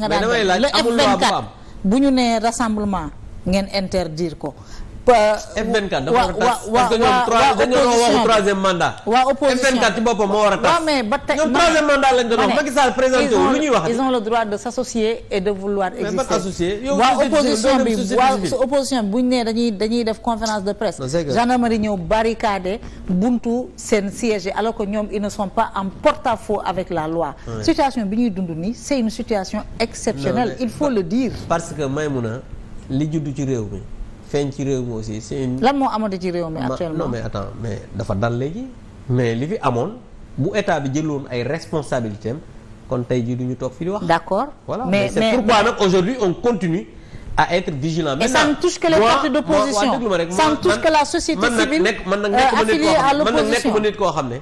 nga daan le F24 bu ñu nee rassemblement ngeen interdire ko f a tas parce waa opposition F24 ci a ba tey ñoom troisième ñuy wax. ils ont le droit de s'associer et de vouloir exister. mais ban associé yow waa bi waa bu ñu nee dañuy dañuy def conférence de presse. gendarmerie ñëw barricadé buntu seen siège alors que ñoom ils ne sont pas en porte-à-faux avec la loi. situation bi ñuy dund nii c'est une situation exceptionnelle il faut le dire. parce que Maïmouna li judd ci réew mi. feeñ ci réew moo aussi c'est une. lan moo amoon ci réew mi actuellement non mais attends mais dafa dal léegi mais li fi amoon bu état bi jël jëloon ay responsabilités am kon tey jii du ñu toog fi di wax. d'accord voilà mais mais c'est pourquoi nag aujourd'hui on continue. à être vigilant mais ça ne touche que man nag nekk euh, ma nit koo xam ne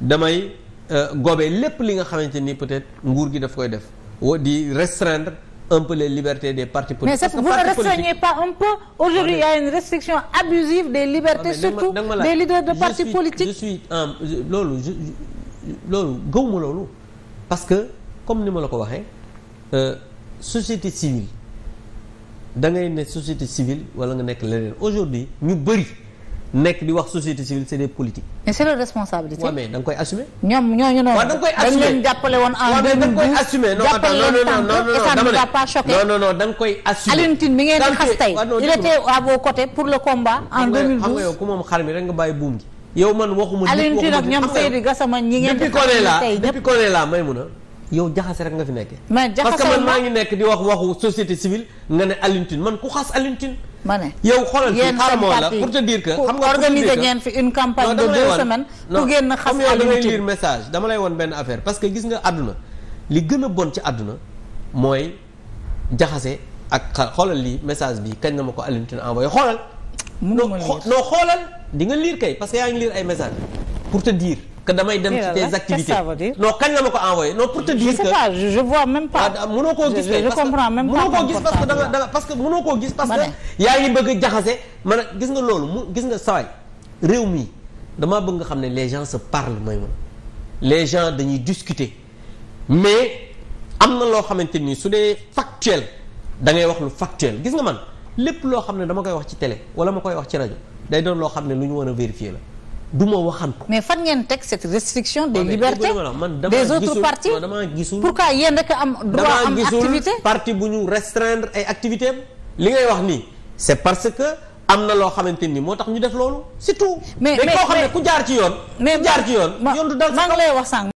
damay euh, gobee lépp li nga xamante ni peut-être nguur gi daf koy def wo di restreindre un peu les libertés des partis politiques. mais c'est vous ne restreignez pas un peu. aujourd'hui a une restriction abusive des libertés. surtout des leaders de partis politiques. je suis loolu loolu gëwuma loolu. parce que comme ni ma la ko waxee euh, société civile da ngay ne société civile wala nga nekk leneen aujourd'hui ñu bëri. nekk di wax société civile c'est des politiques. mais c'est leur responsabilité. waaw mais da nga koy assumer. ñoom ñooñu noonu. waaw da nga koy assumer dañ leen jàppale woon en 2012 jàppale leen tànk et ça ne va pas choquer. non non non da nga koy assumer. Alioune Tine mi ngeen di xas tey il était à vos côtés pour le combat en 2012. xam nga yow ku moom xar mi rek nga bàyyi buum gi. yow man waxuma nit Alioune Tine ak ñoom Seydou Gassama ñi ngeen di. xamal tey depuis qu'on est là may mun a. yow jaxase rek nga fi nekkee. mais jaxase parce que man maa ngi nekk di wax waxu société civile nga ne Alioune Tine man ku xas Alioune Tine ma ne yow xoolal fi xaaramoo la pour te dire que xam nga organiser ngeen fi une campagne de deux semaines ku génn xas yow message dama lay woon benn affaire parce que gis nga àdduna li gën a bon ci àdduna mooy jaxase ak xoolal lii message bi kañ na ma ko Alioune Tine envoyé xoolal non xoolal di nga lire kay parce que yaa ngi lire ay message pour te dire damay dem ci tes activités non kañ la ma ko envoyé non pour te dire que je sais pas je ah, koo gis je comprends même pas mënoo koo gis parce que da nga da nga parce que yaa ngi bëgg jaxase man gis nga loolu mu gis nga sawaay réew mi damaa bëgg nga xam ne les gens se parlent mooy moom les gens dañuy discuter mais am na loo xamante ni su dee factuel da ngay wax lu factuel gis nga man lépp loo xam ne dama koy wax ci télé wala ma koy wax ci rajo day doon loo xam ne lu ñu mën a vérifier la du ma waxantu. mais fan ngeen teg cette restriction. des libertés des autres partis damaa gisul pourquoi yéen rek am. droit am activité parti bu ñu restreindre ay activité li ngay wax nii c'est parce que am na loo xamante ni moo tax ñu def loolu surtout. mais mais koo xam ne ku jaar ci yoon. mais ku jaar ci yoon. yoon du dal sa kaw lay wax sànq.